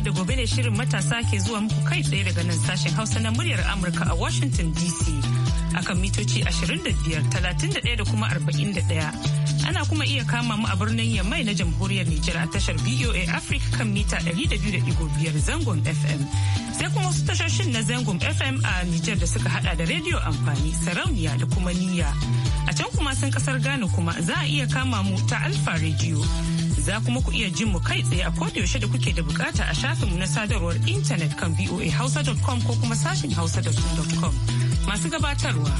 yau da gobe ne shirin matasa ke zuwa muku kai tsaye daga nan sashen hausa na muryar amurka a washington dc akan mitoci 25,31 da kuma 41 ana kuma iya kama mu a birnin yamai na jamhuriyar Nijar a tashar VOA Africa kan mita 200.5 zangon FM. Sai kuma wasu tashoshin na zangon FM a Nijar da suka hada da rediyo amfani sarauniya da kuma niyya. A can kuma sun kasar Ghana kuma za a iya kama mu ta Alfa Radio. Za kuma ku iya jin mu kai tsaye a kodayaushe da kuke da bukata a shafinmu na sadarwar intanet kan voahausa.com ko kuma sashin hausa.com. Masu gabatarwa.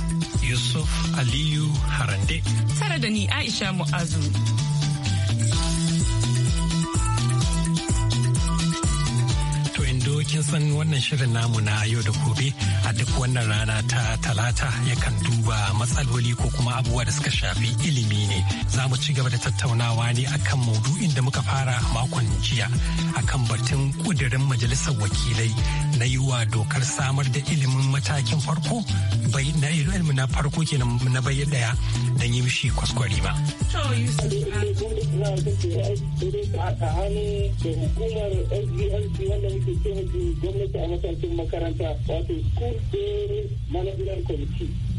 Yusuf Aliyu Harande. Tare da ni Aisha Mu'azu. kin san wannan shirin namu na yau da gobe a duk wannan rana ta talata yakan duba matsaloli ko kuma abubuwa da suka shafi ilimi ne za mu ci gaba da tattaunawa ne akan maudu'in da muka fara makon jiya akan batun kudirin majalisar wakilai na yi wa dokar samar da ilimin matakin farko na farko kenan na bai daya dan yi mishi kwaskwari ba. gwamnati a matakin makaranta wato school day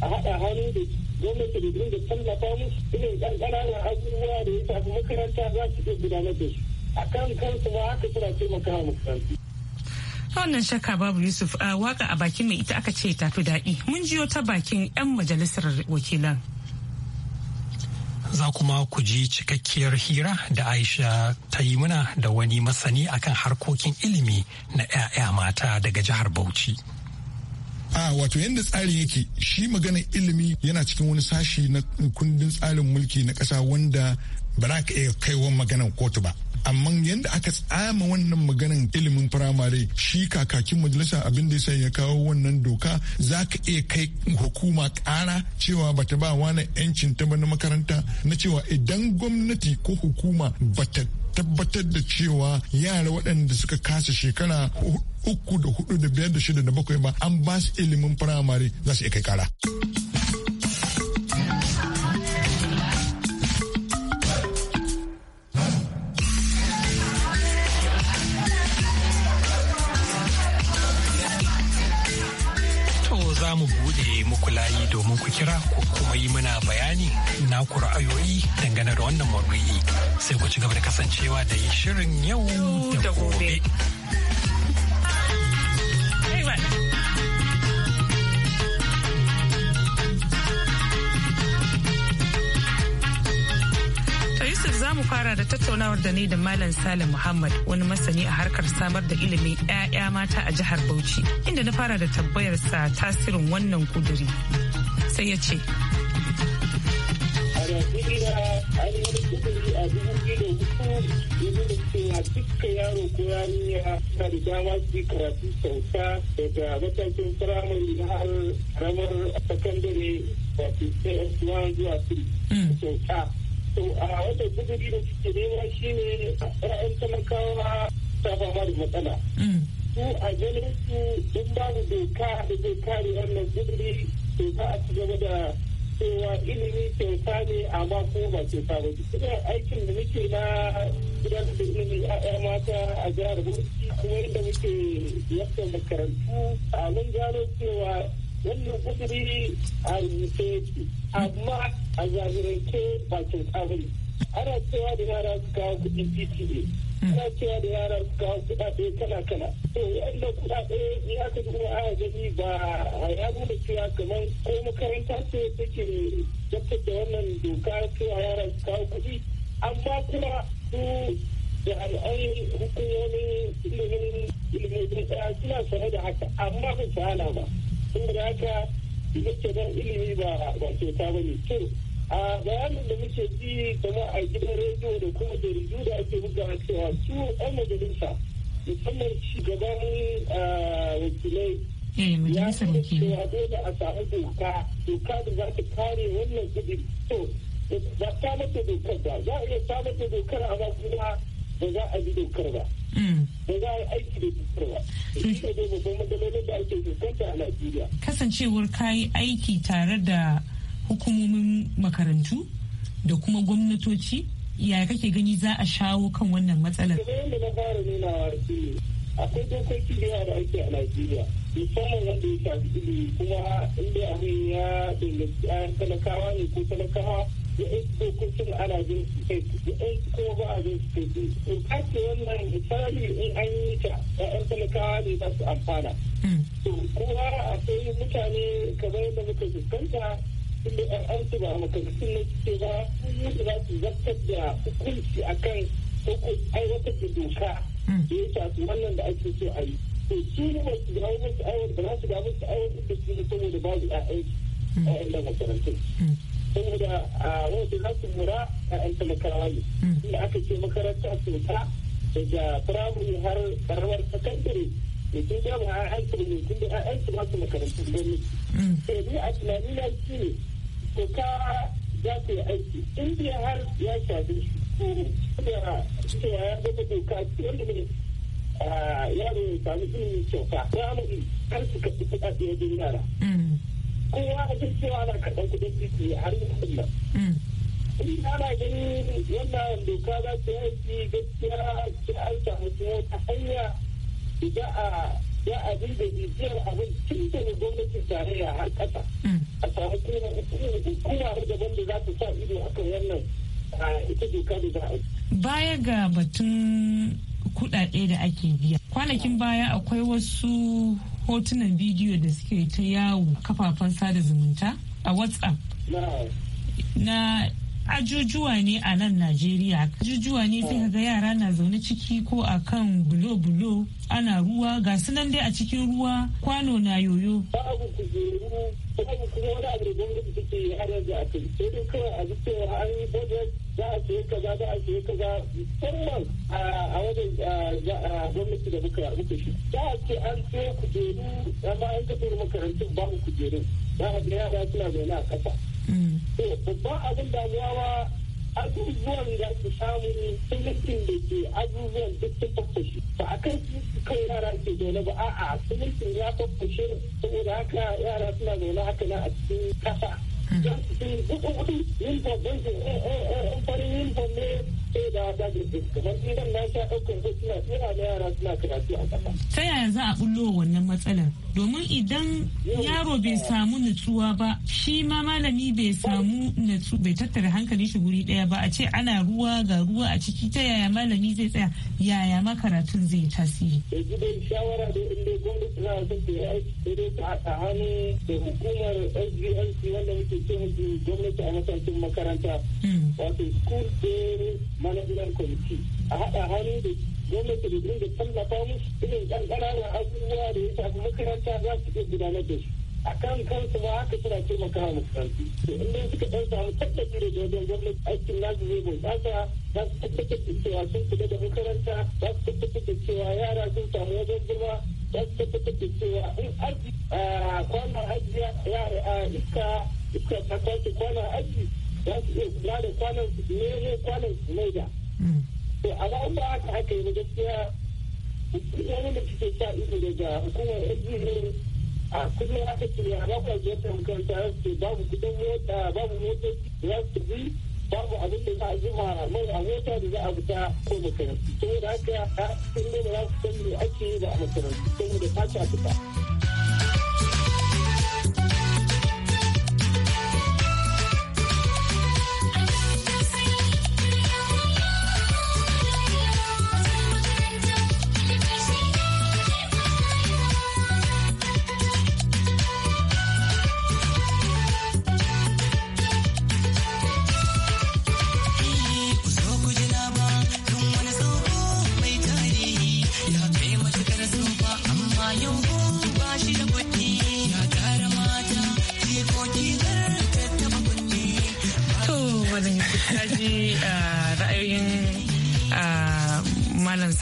a haɗa hannu da gwamnati da dinga tallafa musu irin ƙanƙananan abubuwa da ya shafi makaranta za su iya gudanar da su a kan kansu ma haka suna taimaka wa makarantu. wannan shakka babu yusuf a waka a bakin mai ita aka ce tafi daɗi mun jiyo ta bakin 'yan majalisar wakilan. za kuma ku ji cikakkiyar hira da Aisha ta yi muna da wani masani akan harkokin ilimi na 'ya'ya mata daga jihar Bauchi. a wato yadda tsari yake shi maganar ilimi yana cikin wani sashi na kundin tsarin mulki na ƙasa wanda ba za ka iya kaiwa maganar kotu ba amma yadda aka tsama wannan maganan ilimin firamare shi kakakin majalisa abin da ya kawo wannan doka za ka iya kai hukuma kara cewa bata ba wani 'yancin ta na makaranta na cewa idan gwamnati ko hukuma bata tabbatar da cewa yara waɗanda suka kasa shekara uku da hudu da biyar da shida da bakwai ba an ba su ilimin firamare za su iya kai kara. muku layi domin ku kira ko kuma yi mana bayani na ku ra'ayoyi dangane da wannan maudu'i sai ku ci gaba da kasancewa da shirin yau da gobe. fara da tattaunawar da ni da Malam Salim Muhammad wani masani a harkar samar da ilimin 'ya'ya mata a jihar Bauchi inda na fara da tabbayar sa tasirin wannan kuduri. Sai ya ce. duka yaro ko yarinya na da dama su yi karatu kyauta daga matakin firamare na har ramar sakandare wato cs1 zuwa 3 to a wata guduri da suke nema shine ra'ayin talakawa ta fama da matsala mm. su a ganin su don babu doka da zai kare wannan guduri to za a ci gaba da cewa ilimi kyauta ne amma ko ba kyauta ba ina aikin da muke na gudanar da ilimi a mata a jihar bauchi kuma yadda muke yadda makarantu a mun gano cewa wannan kudiri a rubuce amma a zahirance bakin tsabari ana cewa da yara su kawo kudin pta ana cewa da yara su kawo kudade kala kala to yadda kudade ya ka duba a gani ba a ya nuna cewa kamar ko makaranta ce take jabtar da wannan doka cewa yara su kawo kudi amma kuma su da al'ayin hukumomin ilimin ilimin suna sane da haka amma ba su hana ba saboda haka ita ce dan ilimi ba ba ta ba ne to a bayanin da muke ji kamar a gidan rediyo da kuma da jaridu da ake buga cewa su ɗan majalisa musamman shugaban wakilai eh, ya kuma cewa dole a samu doka doka da za ta kare wannan kudi to ba ta mata dokar ba za a iya ta mata dokar amma kuma ba za a bi dokar ba. Mm. ba za a yi aiki da cutar ba. Shi ne babban matsalolin da ake fuskanta a Najeriya. Kasancewar kayi aiki tare da hukumomin makarantu da kuma gwamnatoci ya kake gani za a shawo kan wannan matsalar? Kamar yadda na fara nuna nunawa shi akwai dokoki da yawa da ake a Najeriya musamman wanda ya shafi ilimi kuma inda abin ya danganci talakawa ne ko talakawa da dokokin ana jin su in ko ba a jin su in ake wannan misali in an yi ta ƴaƴan talakawa ne za su amfana. to kuma akwai mutane kamar yadda muka fuskanta inda da su ba a makarantun na suke ba su za su zartar da hukunci akan ko aiwatar da doka da ya shafi wannan da ake so a yi. to su ne ba su dawo musu aiwatar da su musu aiwatar da su saboda babu a su ƴaƴan da makarantun. Mm. saboda a wasu za su lura a yan talakawa ne mm. inda aka ce makaranta cuta daga firamare har karamar sakandare da ke jama a yan turmi tun da yan su masu gani gwamnati. sai mm. eh, ni a tunani na shi ne to ka za ku yi aiki indiya har ya shafi shi da cewa ya gaba doka wanda ne yaro ya samu ilimin kyauta firamare har su kasu kuɗaɗe wajen yara. Mm. kowa a duk cewa ana karɓar kuɗin titi har kuɗin mm. nan. Kuɗi ana gani wannan doka za ta yi gaskiya sai an samu wata hanya da a ya a dinga abin tun daga gwamnatin tarayya har ƙasa. Mm. A samu kuma hukuma daban da za ta sa ido akan wannan ita doka da za a yi. Baya ga batun kuɗaɗe da ake biya. Kwanakin baya akwai wasu hotunan bidiyo da suke ta yawo kafafen sada zumunta a whatsapp na ajujuwa ne a nan najeriya ajujuwa ne sai ga yara na zaune ciki ko a kan bulo-bulo ana ruwa ga nan dai a cikin ruwa kwano na yoyo babu kuma wani abu da gwamnati suke yi har yanzu a cikin sai dai kawai a ji cewa an yi budget za a ce kaza za a sayi kaza musamman a wajen gwamnati da muka muka shi za a ce an sayi kujeru amma an tafi makarantun babu kujeru za a ga yara suna zaune a ƙasa. Mm. to babban abin damuwa ba abubuwan da su samu sumitin da ke abubuwan duk sun fafashe ba a kan kai yara ke zaune ba a'a sumitin ya fafashe saboda haka yara suna zaune haka na a cikin kasa in farin uniform ne sai da ta girgin kamar idan na sha ɗaukar ko suna tsira da yara suna karatu a ƙasa. ta yaya za a bullo wannan matsalar domin idan yaro bai samu nutsuwa ba shi ma malami bai samu nutsu bai tattara hankali shi guri ɗaya ba a ce ana ruwa ga ruwa a ciki ta yaya malami zai tsaya yaya ma karatun zai tasiri. yanzu dai shawara da inda gwamnati na son ta yi aiki ta hannu da hukumar sglc wanda muke ce musu gwamnati a matakin makaranta hmm. wato school day management kwamiti a haɗa hannu da gwamnati da dinga tallafa musu irin ɗan ƙananan abubuwa da ya shafi makaranta za su iya gudanar da su a kan kansu ma haka suna taimaka wa makarantu to in dai suka ɗan samu tabbaci da jirgin gwamnati aikin nasu zai bunƙasa za su tabbatar da cewa sun kula da makaranta za su tabbatar da cewa yara sun samu wajen girma za su tabbatar da cewa in aji ah, kwanan yara ya ah, iska iska ta kwace kwanan aji za su iya kula da kwanan su nemo kwanan su mai da to a ra'ayin da haka haka yi gaskiya wani da suke sa iso daga hukumar NGO a kullum haka ce a bakwai ziyartar makaranta za ce babu kudin mota babu motoci za su bi babu abin da za a zuba mai a mota da za a fita ko makarantu saboda haka sun nuna za su san me ake yi ba a makarantu saboda ta ta fita.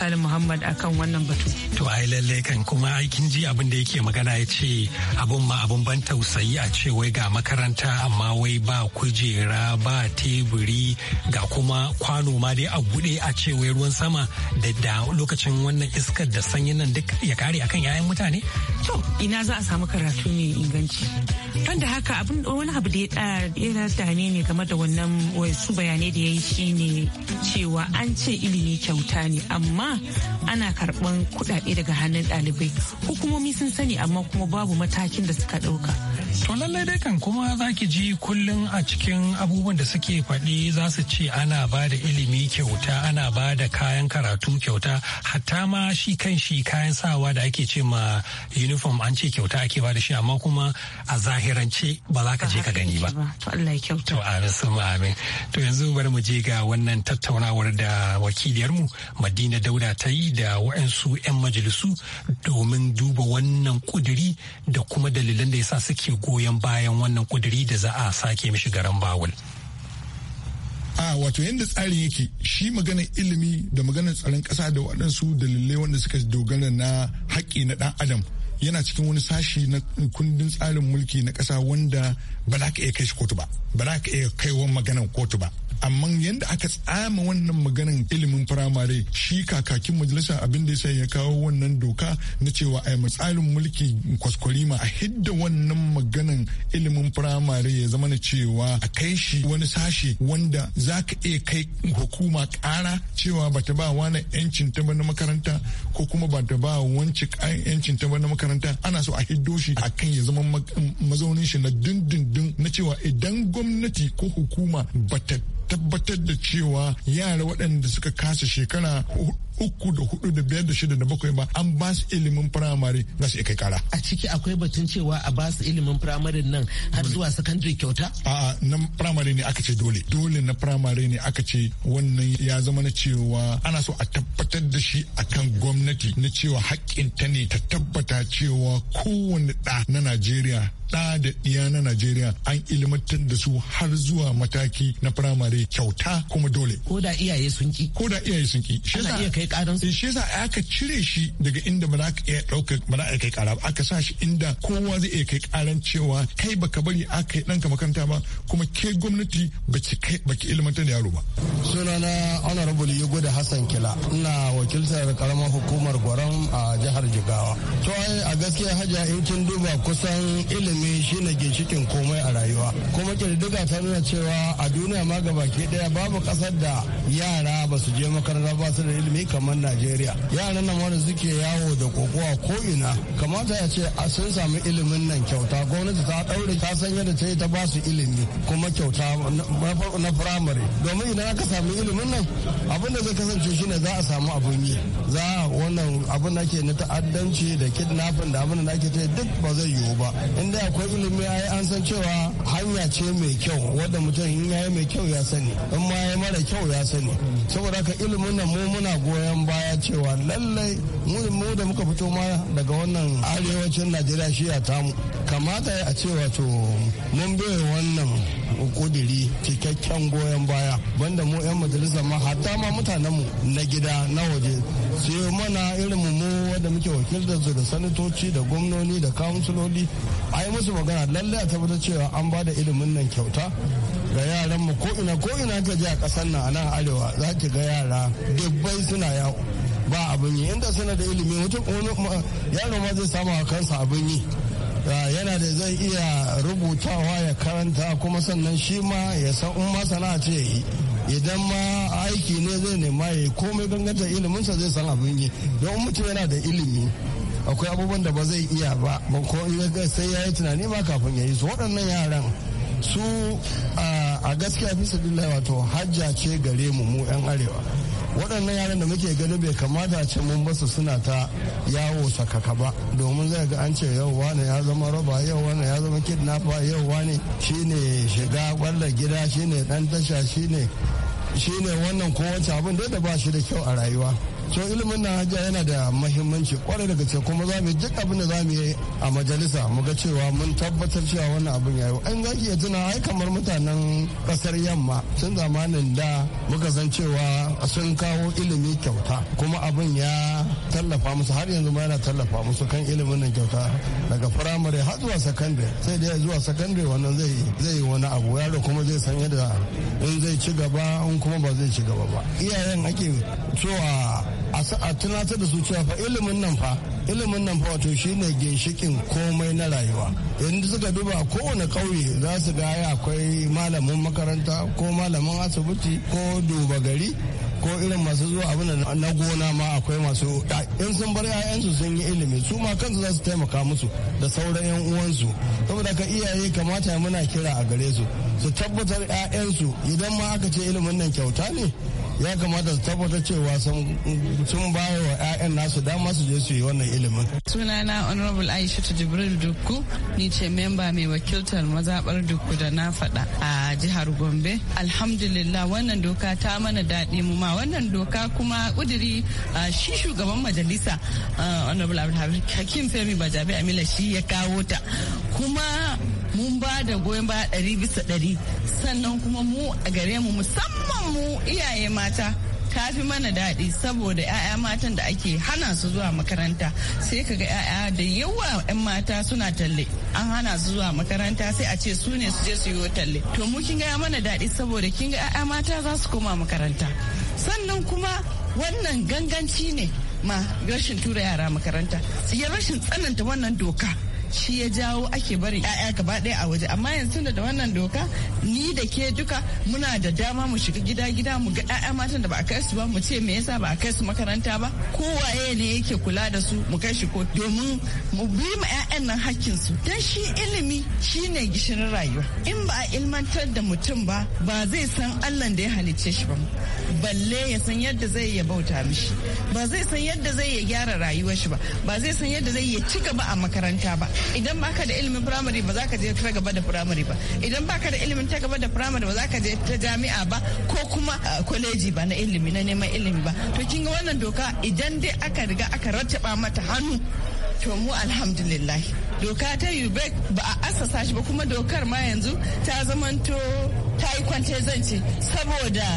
Salim Muhammad akan wannan batu. to ai lalle kan kuma aikin ji abin da yake magana ya ce abun ma abun ban tausayi a ce wai ga makaranta amma wai ba kujera ba teburi ga kuma kwano ma dai a buɗe a ce wai ruwan sama da da lokacin wannan iskar da sanyin nan duk ya kare akan yayan mutane to ina za a samu karatu mai inganci don da haka abin wani abu da ya dame ne game da wannan wasu bayanai da yayi shine cewa an ce ilimi kyauta ne amma ana karban kuɗaɗe daga hannun ɗalibai hukumomi sun sani amma kuma babu matakin da suka ɗauka To lallai dai kan kuma za ki ji kullum a cikin abubuwan da suke faɗi za su ce ana ba da ilimi kyauta ana ba da kayan karatu kyauta hatta ma shi kan shi kayan sawa da ake ce ma uniform an ce kyauta ake ba da shi amma kuma a zahirance ba za ka je ka gani ba. To Allah ya kyauta. To amin To yanzu bari mu je ga wannan tattaunawar da wakiliyarmu Madina Dauda ta yi da waɗansu 'yan majalisu domin duba wannan kuduri da kuma dalilan da yasa suke goyon bayan wannan kuduri da za a sake mishi garan bawul. a wato yadda tsarin yake shi maganar ilimi da maganar tsaron ƙasa da waɗansu dalilai wanda suka dogara na haƙƙi na ɗan adam yana cikin wani sashi na kundin tsarin mulki na ƙasa wanda ba za ka iya kai shi kotu ba ba za ka iya kaiwa maganar kotu ba amma yadda aka tsama wannan maganan ilimin firamare shi kakakin majalisa abin da ya kawo wannan doka na cewa a tsarin mulki kwaskwarima a hidda wannan maganan ilimin firamare ya zama na cewa a kai shi wani sashe wanda za ka iya kai hukuma kara cewa ba ta ba wani yancin ta na makaranta ko kuma ba ta ba wani yancin ta na makaranta ana so a hiddo shi a kan ya zama mazaunin shi na dindindin na cewa idan gwamnati ko hukuma ba ta tabbatar da cewa yara waɗanda suka kasa shekara uku da hudu da biyar da shida da bakwai ba an ba su ilimin firamare za su kai kara. A ciki akwai batun cewa a ba su ilimin firamare nan har zuwa sakandare kyauta? A na firamare ne aka ce dole. Dole na firamare ne aka ce wannan ya zama na cewa ana so a tabbatar da shi a kan gwamnati na cewa ta ne ta tabbata cewa kowane ɗa na Najeriya ɗa da ɗiya na Najeriya an ilmantar da su har zuwa mataki na firamare kyauta kuma dole. Ko da iyaye sun ki. Ko da iyaye sun ki. Ana iya kai karin su eh, shi yasa aka cire shi daga inda ba za ka iya ɗauka ba za kai kara ba aka sa shi inda kowa zai iya kai karan cewa kai baka bari aka yi ɗanka makaranta ba kuma ke gwamnati ba ki kai ba ki ilmantar da yaro ba sunana honorable yugo da hassan kila ina wakiltar karamar hukumar gwaram a jihar jigawa to ai a gaskiya hajiya in kin duba kusan ilimi shi shine ginshikin komai a rayuwa kuma kirdiga ta nuna cewa a duniya ma gabaki daya babu kasar da yara ba su je makaranta ba su da ilimi kamar kamar najeriya yaran nan wanda suke yawo da kokowa ko ina kamata ya ce a sun samu ilimin nan kyauta gwamnati ta daure ta san yadda ta yi ta ba su ilimi kuma kyauta na firamare domin idan aka sami ilimin nan abin da zai kasance shine za a samu abin yi za wannan abin da ke na ta'addanci da kidnapping da abin da ake ta duk ba zai yiwu ba in dai akwai ilimi ai an san cewa hanya ce mai kyau wadda mutum in yayi mai kyau ya sani in ma mara kyau ya sani saboda haka ilimin nan mu muna goyon baya cewa lallai mu da muka fito ma daga wannan arewacin najeriya shi ya tamu kamata a ce wato mun bai wannan kudiri cikakken goyon baya banda mu 'yan majalisar ma hatta ma mutanenmu na gida na waje sai mana irin mu wanda muke wakilta da sanatoci da gwamnoni da kansuloli a yi musu magana lallai a tabbatar cewa an ba da ilimin nan kyauta ga yaran mu ko ina ko ina ka je a kasar nan a nan arewa za ki ga yara dubbai suna yawo ba abin yi inda suna da ilimi mutum yaro ma zai samu a kansa abin yi ah, yana da zai iya rubutawa ya karanta kuma sannan shi ma ya san in ma sana'a ce ya yi idan ma aiki ne zai nema ya yi komai ganganta iliminsa zai san abin yi don mutum yana da ilimi akwai abubuwan da ba zai iya ba ko sai ya yi tunani ma kafin ya yi su waɗannan yaran su a ah, a gaskiya fi sabilillahi wato hajja ce gare mu mu yan arewa waɗannan yaran da muke gani bai kamata ce mun basu suna ta yawo sakaka ba domin zai ga an ce yau wane ya zama roba yau wane ya zama kidnapper yau wane shine shiga kwalla gida shine ɗan tasha shine shine wannan kowace abin da ba shi da kyau a rayuwa so ilimin na hajiya yana da mahimmanci kwarai da gaske kuma za mu duk abin da za mu yi a majalisa mu ga cewa mun tabbatar cewa wannan abin ya yi an ga ki tuna ai kamar mutanen kasar yamma sun zamanin da muka san cewa sun kawo ilimi kyauta kuma abin ya tallafa musu har yanzu ma yana tallafa musu kan ilimin nan kyauta daga firamare har zuwa sakandare sai dai zuwa sakandare wannan zai zai wani abu yaro kuma zai san yadda in zai ci gaba in kuma ba zai ci gaba ba iyayen ake so a tunatar da su cewa fa ilimin nan fa ilimin nan fa wato shine ginshikin komai na rayuwa yanzu suka duba kowane kauye za su ga akwai malamin makaranta ko malamin asibiti ko duba gari ko irin masu zuwa abin na gona ma akwai masu in sun bar 'ya'yansu sun yi ilimi su ma kansu za su taimaka musu da sauran 'yan uwansu saboda ka iyaye kamata muna kira a gare su su tabbatar 'ya'yansu idan ma aka ce ilimin nan kyauta ne ya kamata su tabbatar cewa sun ba wa 'ya'yan nasu dama su je su yi wannan ilimin. sunana honorable aisha jibril dukku ni ce memba mai wakiltar mazabar dukku da na faɗa a jihar gombe alhamdulillah wannan doka ta mana daɗi mu ma wannan doka kuma kuduri shi shugaban majalisa honorable hakim femi bajabi amila shi ya kawo ta kuma mun ba da goyon baya ɗari bisa ɗari sannan kuma mu a gare mu musamman mu iyaye mata ta fi mana daɗi saboda 'ya'ya matan da ake hana su zuwa makaranta sai kaga 'ya'ya da yawa 'yan mata suna talle an hana su zuwa makaranta sai a ce su ne su je su yi talle to mu kin ga mana daɗi saboda kin ga 'ya'ya mata za su koma makaranta sannan kuma wannan ganganci ne ma rashin tura yara makaranta ya rashin tsananta wannan doka shi ya jawo ake barin 'ya'ya gaba ɗaya a waje amma yanzu da wannan doka ni da ke duka muna da dama mu shiga gida gida mu ga 'ya'ya matan da ba a kai su ba mu ce me yasa ba a kai su makaranta ba ko waye ne yake kula da su mu kai shi ko domin mu bi ma 'ya'yan nan hakkin su dan shi ilimi shine gishirin rayuwa in ba a ilmantar da mutum ba ba zai san Allah da ya halicce shi ba balle ya san yadda zai ya bauta mishi ba zai san yadda zai ya gyara rayuwar shi ba ba zai san yadda zai ya ci gaba a makaranta ba idan ba ka da ilimin firamare ba za ka je ta gaba da firamare ba idan baka da ilimin ta gaba da firamare ba za ka je ta jami'a ba ko kuma kwaleji uh, ba na ilimi na neman ilimi ba to kin ga wannan doka idan dai aka riga aka rattaba mata hannu to mu alhamdulillah doka ta ubec ba a assasa shi ba kuma dokar ma yanzu ta zamanto ta yi kwance zance saboda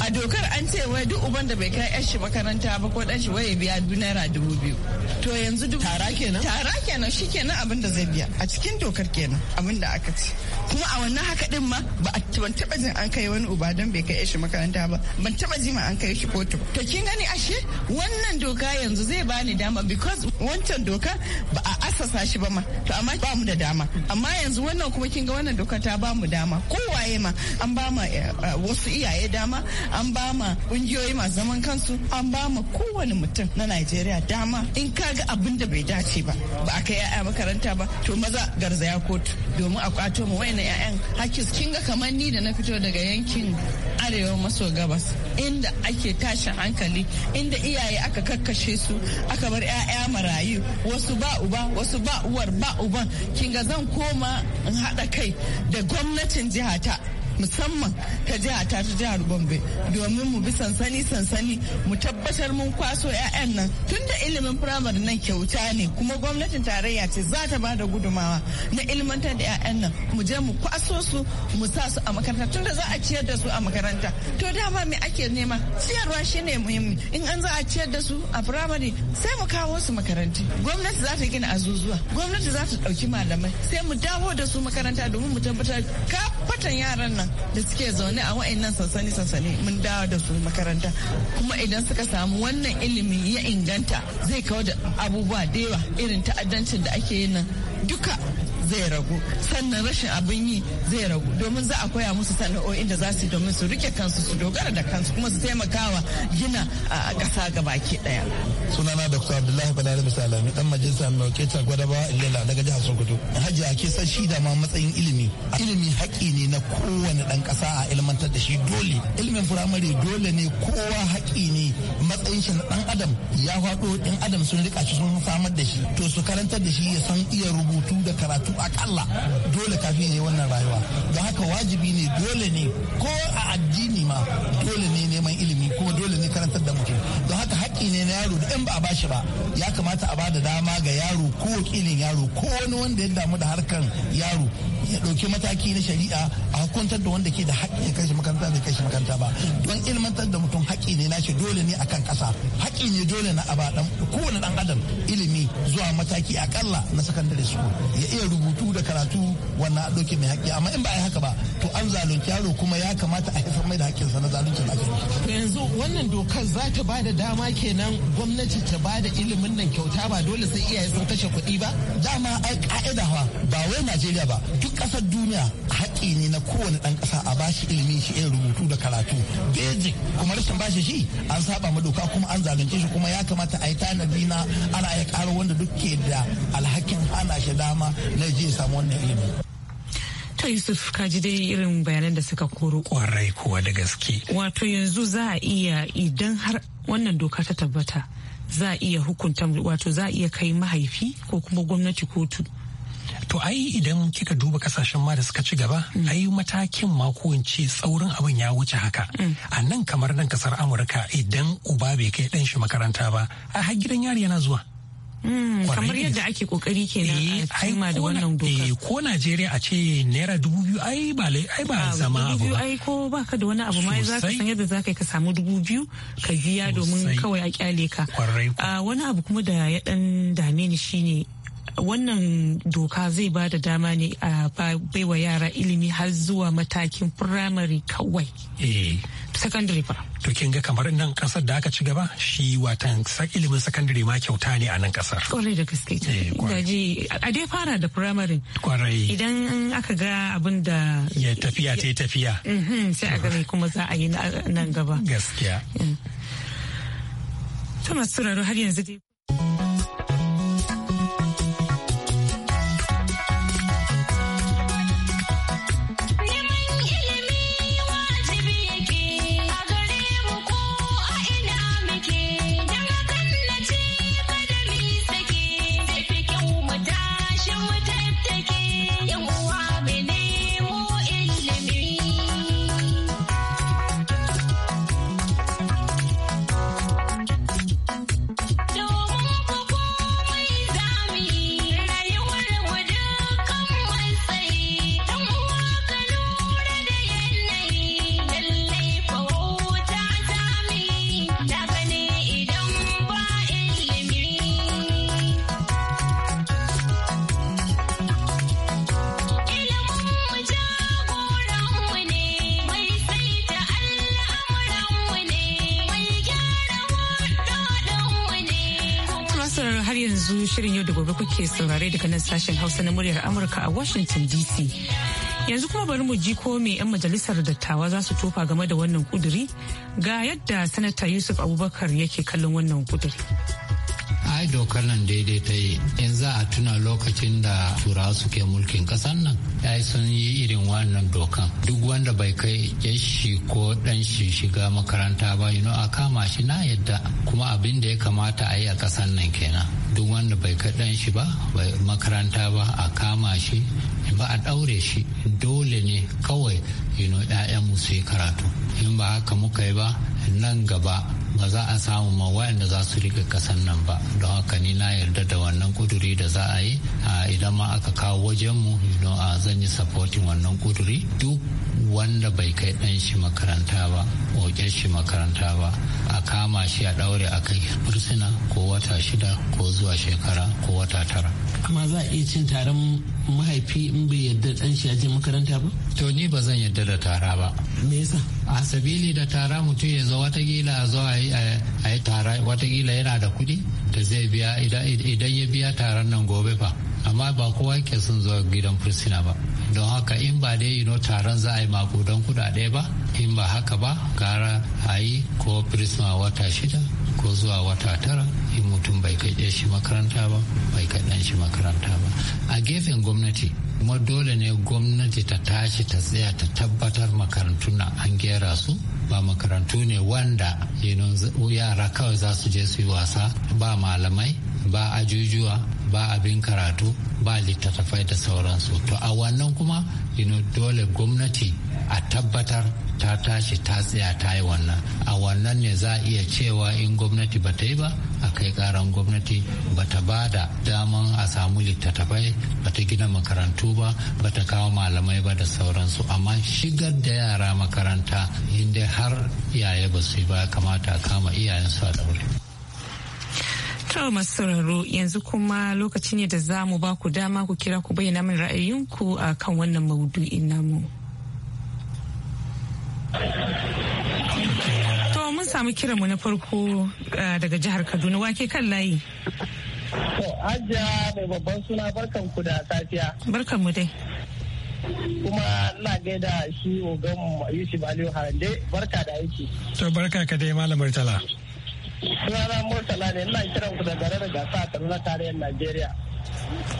a dokar an ce wai duk uban da bai kai shi makaranta ba ko dan shi waye biya naira dubu biyu to yanzu duk tara kenan tara kenan shi kenan abin da zai biya a cikin dokar kenan abin da aka ce kuma a wannan haka din ma ba ban taba jin an kai wani uba don bai kai shi makaranta ba ban taba ji ma an kai shi kotu to kin gani ashe wannan doka yanzu zai bani dama because wancan doka ba a asasa shi ba ma to amma ba mu da dama amma yanzu wannan kuma kin ga wannan doka ta ba mu dama kowaye ma an ba ma eh, wasu iyaye dama an ba ma kungiyoyi masu zaman kansu an ba ma kowane mutum na Najeriya dama in ka ga abin da bai dace ba ba aka yi yaya makaranta ba to maza garzaya kotu domin a kwato mu wayannan yayan hakis kin ga kamar ni da na fito daga yankin arewa maso gabas inda ake tashin hankali inda iyaye aka kakkashe su aka bar ƴaƴa marayu wasu ba uba wasu ba uwar ba uban kin ga zan koma in haɗa kai da gwamnatin jihata musamman ta jiha ta ta jihar Gombe domin mu bi sansani sansani mu tabbatar mun kwaso 'ya'yan nan tun ilimin firamare nan kyauta ne kuma gwamnatin tarayya ce za ta ba da gudumawa na ilmantar da 'ya'yan nan mu je mu kwaso su mu sa su a makaranta tun za a ciyar da su a makaranta to dama me ake nema ciyarwa shine muhimmi in an za a ciyar da su a firamare sai mu kawo su makaranti gwamnati za ta gina azuzuwa gwamnati za ta ɗauki malamai sai mu dawo da su makaranta domin mu tabbatar kafatan yaran nan da suke zaune a wa'annan sansani sansani mun dawo da su makaranta kuma idan suka samu wannan ilimi ya inganta zai kawo da abubuwa da yawa irin ta'addancin da ake yi nan duka zai ragu sannan rashin abin yi zai ragu domin za a koya musu sana'o'in da za su domin su rike kansu su dogara da kansu kuma su taimakawa gina a ga baki ɗaya. sunana dr abdullahi balari misalami dan majalisa mai wakilta gwadaba ilela daga jihar sokoto hajji ake san shi da ma matsayin ilimi ilimi haƙƙi ne na kowane ɗan ƙasa a ilmantar da shi dole ilimin firamare dole ne kowa haƙƙi ne matsayin shi na ɗan adam ya faɗo ɗan adam sun rika shi sun samar da shi to su karantar da shi ya san iya rubutu da karatu akalla dole kafin yi wannan rayuwa don haka wajibi ne dole ne ko a addini ma dole ne neman ilimi kuma dole ne karantar da mutum don haka haƙƙi ne na yaro da in ba a bashi ba ya kamata a bada dama ga yaro ko wakilin yaro ko wani wanda ya damu da harkar yaro ya ɗauki mataki na shari'a a hukuntar da wanda ke da haƙƙin kashe makaranta bai kashe makaranta ba don ilmantar da mutum haƙƙi ne nashi dole ne akan ƙasa haƙƙi ne dole na aba dan kowane dan adam ilimi zuwa mataki akalla na sakandare su ya iya rubutu da karatu wannan a doke mai haƙƙi amma in ba a yi haka ba an zalunci yaro kuma ya kamata a haifar mai da haƙƙinsa na zalunci da ake to yanzu wannan dokar za ta ba da dama kenan gwamnati ta ba da ilimin nan kyauta ba dole sai iyaye sun kashe kuɗi ba dama ai ka'ida fa ba wai Najeriya ba duk ƙasar duniya haƙƙi ne na kowane ɗan ƙasa a bashi ilimi shi irin rubutu da karatu basic kuma rashin bashi shi an saba ma doka kuma an zalunce shi kuma ya kamata a yi tanadi na ana ya ƙaro wanda duk ke da alhakin hana shi dama na je samu wannan ilimi To Yusuf kaji dai irin bayanan da suka koro. Kwarai kuwa da gaske. Wato yanzu za a iya idan har wannan doka ta tabbata za a iya hukunta wato za a iya kai mahaifi ko kuma gwamnati kotu. To ai idan kika duba kasashen ma da suka ci gaba, mm. ai matakin ma ko ce tsaurin abin ya wuce haka. Mm. A nan kamar nan kasar Amurka idan uba bai kai ɗan shi makaranta ba, a har gidan yari yana zuwa. Mm, kamar yadda ake kokari kenan a eh, da wannan dokar eh, ko Najeriya a ce naira dubu biyu ai ba ai ba zama abu ba ai ko baka da wani abu ma za ka san yadda za ka samu dubu biyu ka biya domin kawai a kyale ka ah, wani abu kuma da ya dan dame ni shine wannan doka zai ba da dama ne a baiwa yara ilimi har zuwa matakin firamare kawai eh. secondary ba to kin ga kamar nan kasar da aka ci gaba shi watan ilimin secondary ma kyauta ne a nan kasar kwarai da gaske daji eh, a dai fara da firamare kwarai idan aka ga abin da ya tafiya ta tafiya mhm, sai a gani kuma za a yi nan gaba gaskiya Sama eh. masu har yanzu dai shirin yau da gobe kuke saurare daga nan sashen Hausa na muryar Amurka a Washington DC. Yanzu kuma bari mu ji ko me 'yan majalisar dattawa za su tofa game da wannan kuduri ga yadda Sanata Yusuf Abubakar yake kallon wannan kuduri. ai dokar nan daidai ta yi in za a tuna lokacin da turawa suke mulkin kasan nan ai sun yi irin wannan dokan duk wanda bai kai ya shi ko dan shi shiga makaranta ba yi a kama shi na yadda kuma abin da ya kamata a yi a kasan nan kenan duk wanda bai kai dan shi ba makaranta ba a kama shi ba a daure shi dole ne kawai you 'ya'yan mu yi karatu in ba haka muka yi ba nan gaba ba za a samu ma wayanda za su rike kasan nan ba don haka ni na yarda da wannan kuduri da za a yi idan ma aka kawo wajen mu a zan yi supporting wannan kuduri duk wanda bai kai dan shi makaranta ba oƙin shi makaranta ba a kama shi a daure a kai fursuna ko wata shida ko zuwa shekara ko wata tara amma za a iya cin taron mahaifi in bai yarda dan shi je makaranta ba to ni ba zan yarda da tara ba me yasa a sabili da tara mutum ya zo watakila a zo a yi tara watakila yana da kuɗi da zai biya idan ya biya taron nan gobe fa amma ba kowa ke son zuwa gidan fursuna ba don haka in ba dai yino taron za a yi makudan kudade ba in ba haka ba gara a yi ko fursuna wata shida ko zuwa wata tara in mutum bai kai ɗan shi makaranta ba bai kai ɗan shi makaranta ba a gefen gwamnati kuma dole ne gwamnati ta tashi ta tsaya ta tabbatar makarantu na an gera su ba makarantu ne wanda yara kawai za su je su yi wasa ba malamai ba ajujuwa ba abin karatu ba littattafai da sauransu to a wannan kuma dole gwamnati a tabbatar ta tashi ta tsaya ta yi wannan a wannan ne za a iya cewa in gwamnati ba ta yi ba a kai karan gwamnati ba ta ba da daman a samu littattafai ba ta gina makarantu ba ba ta kawo malamai ba da sauransu amma shigar da yara makaranta inda har iyaye ba su yi ba kamata a kama iyayensu a daure. To masu sauraro yanzu kuma lokaci ne da za mu ba ku dama ku kira ku bayyana min ra'ayinku a kan wannan maudu'in namu. To mun samu mu na farko eh, daga jihar Kaduna wake kan layi. To hajja mai babban suna barkan ku da safiya. Barkan mu dai. Kuma na gaida shi ogan Yusuf Aliyu Harande barka da aiki. To barka ka dai Malam Murtala. na Murtala ne ina kiran ku da garin gasa a Kaduna tarayyar Najeriya.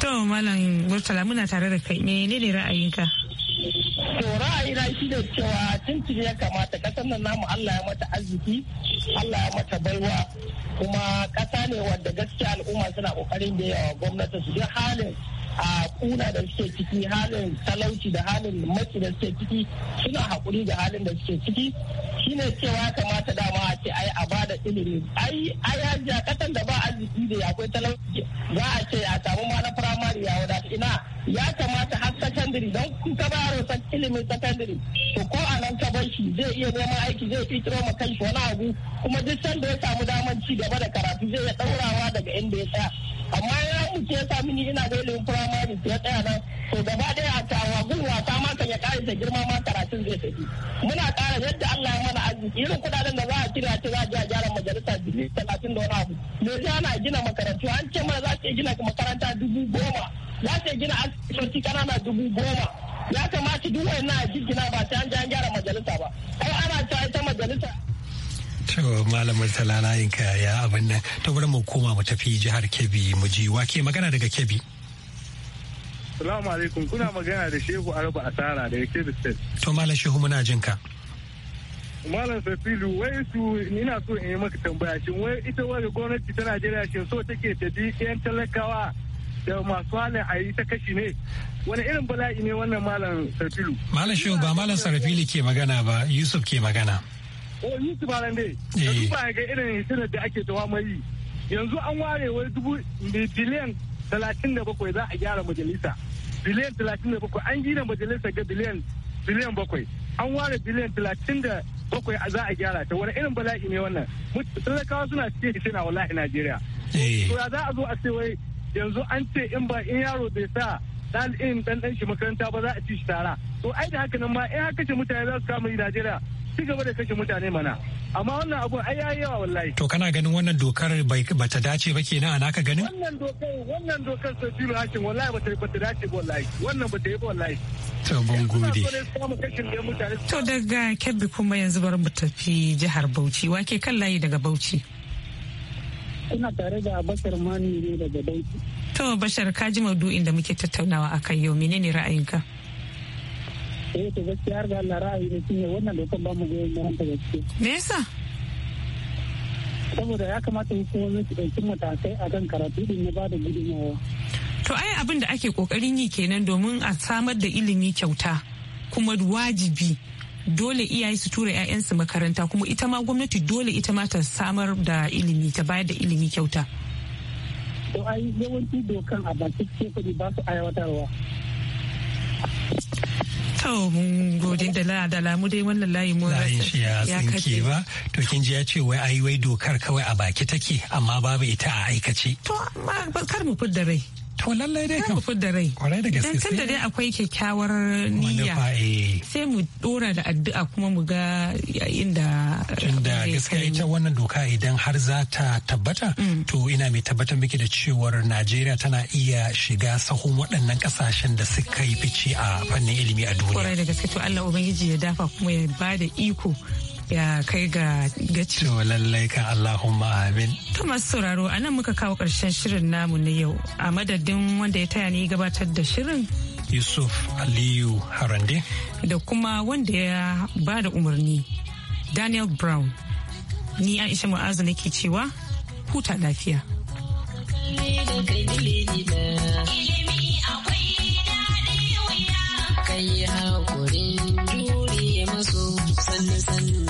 To Malam Murtala muna tare da kai ne ne ra'ayinka? To ra'ayina shi da cewa tuntuni ya kamata ƙasar nan namu Allah ya mata arziki, Allah ya mata baiwa kuma ƙasa ne wadda gaskiya al'umma suna ƙoƙarin da yawa gwamnati su halin a kuna da suke ciki halin talauci da halin maki da suke ciki suna haƙuri da halin da suke ciki shine cewa kamata dama a ce ai a bada ilimi ai a yaji a kasan da ba arziki da akwai talauci za a ce a samu mana firamare ya wadata ina ya kamata har sakandare don kun ka bayar ilimin sakandare to ko a nan ka bar shi zai iya neman aiki zai fitiro ma kanshi wani abu kuma duk sanda ya samu damar ci gaba da karatu zai ya ɗaurawa daga inda ya tsaya amma ya mutu ya sami ni ina da ilimin firamare ya tsaya nan to gaba daya a tawagun wasa ma kan ya kare da girma ma karatun zai tafi muna kara yadda Allah ya mana arziki irin kudaden da za a kira ta za a gyara majalisa dubu talatin da wani abu me sai ana gina makarantu an ce mana za su gina makaranta dubu goma za su gina asibitoci kanana dubu goma ya kamata duk wani na jigina ba sai an gyara majalisa ba ai ana ta ita majalisa To malamar Talala yinka ya abin nan ta mu koma mu tafi jihar Kebbi mu ji wake magana daga Kebbi. Salamu alaikum kuna magana da Shehu Arba Asara daga Kebbi State. To malam Shehu muna jin ka. Malam Safilu wai su ina so in yi maka tambaya shin wai ita wani gwamnati ta Najeriya shin so take ta bi yan talakawa da masu halin a yi ta kashi ne wani irin bala'i ne wannan malam Safilu. Malam Shehu ba malam Safilu ke magana ba Yusuf ke magana. o yi su baran dai da eh. duba ga irin hitinar da ake tawa mai yanzu an ware wai dubu biliyan talatin da bakwai za a gyara majalisa biliyan talatin da bakwai an gina majalisa ga biliyan biliyan bakwai an ware biliyan talatin da bakwai a za a gyara ta wani irin bala'i ne wannan talakawa suna cike da tana wallahi najeriya eh. to ya za a zo a ce wai yanzu an ce in ba in yaro bai sa ɗalibin in ɗan shi makaranta ba za a ci shi tara to ai da haka nan ma in haka ce mutane za su kama yi najeriya ci gaba da kashe mutane mana amma wannan abu ai yayi yawa wallahi to kana ganin wannan dokar bai bata dace ba kenan ana ka ganin wannan dokar wannan dokar sai jiro hakin wallahi bata bata dace ba wallahi wannan bata yi ba wallahi to mun gode to daga kebbi kuma yanzu bari mu tafi jihar Bauchi wake kan layi daga Bauchi ina tare da Bashar Mani ne daga Bauchi to Bashar ka ji maudu'in da muke tattaunawa akan yau menene ra'ayinka eh to gaskiya har ga Allah ra'ayi ne shine wannan dokan bamu mu goyon bayan ta gaske. me yasa saboda ya kamata hukumomi su ɗauki matakai a kan karatu din na bada gudunmawa to ai abin da ake kokarin yi kenan domin a samar da ilimi kyauta kuma wajibi dole iyaye su tura 'ya'yansu makaranta kuma ita ma gwamnati dole ita ma ta samar da ilimi ta bayar da ilimi kyauta to ai yawanci dokan a baki ce kudi ba su aiwatarwa To mun gode da da lamu dai wannan layi mun rasa. ya tsinke ba. To kin ji ya ce wai ai wai dokar kawai a baki take amma babu ita a aikace. To kar mu da rai. to lallai dai kan da rai kwarai da dai akwai kyakkyawar niyya eh. sai mu dora da addu'a kuma mu ga inda tunda gaskiya ita wannan doka idan har za ta tabbata mm. to ina mai tabbatar miki da cewar Najeriya tana iya shiga sahun waɗannan ƙasashen da suka yi fice a fannin ilimi a duniya kwarai da gaske to Allah ubangiji ya dafa kuma ya bada iko ya kai ga gaci. To lallai kan Allahumma amin. ta masu sauraro a nan muka kawo ƙarshen shirin namu na yau a madadin wanda ya taya ni gabatar da shirin. Yusuf Aliyu Harande. Da kuma wanda ya ba da umarni Daniel Brown. Ni Aisha Mu'azu nake cewa huta lafiya. Kai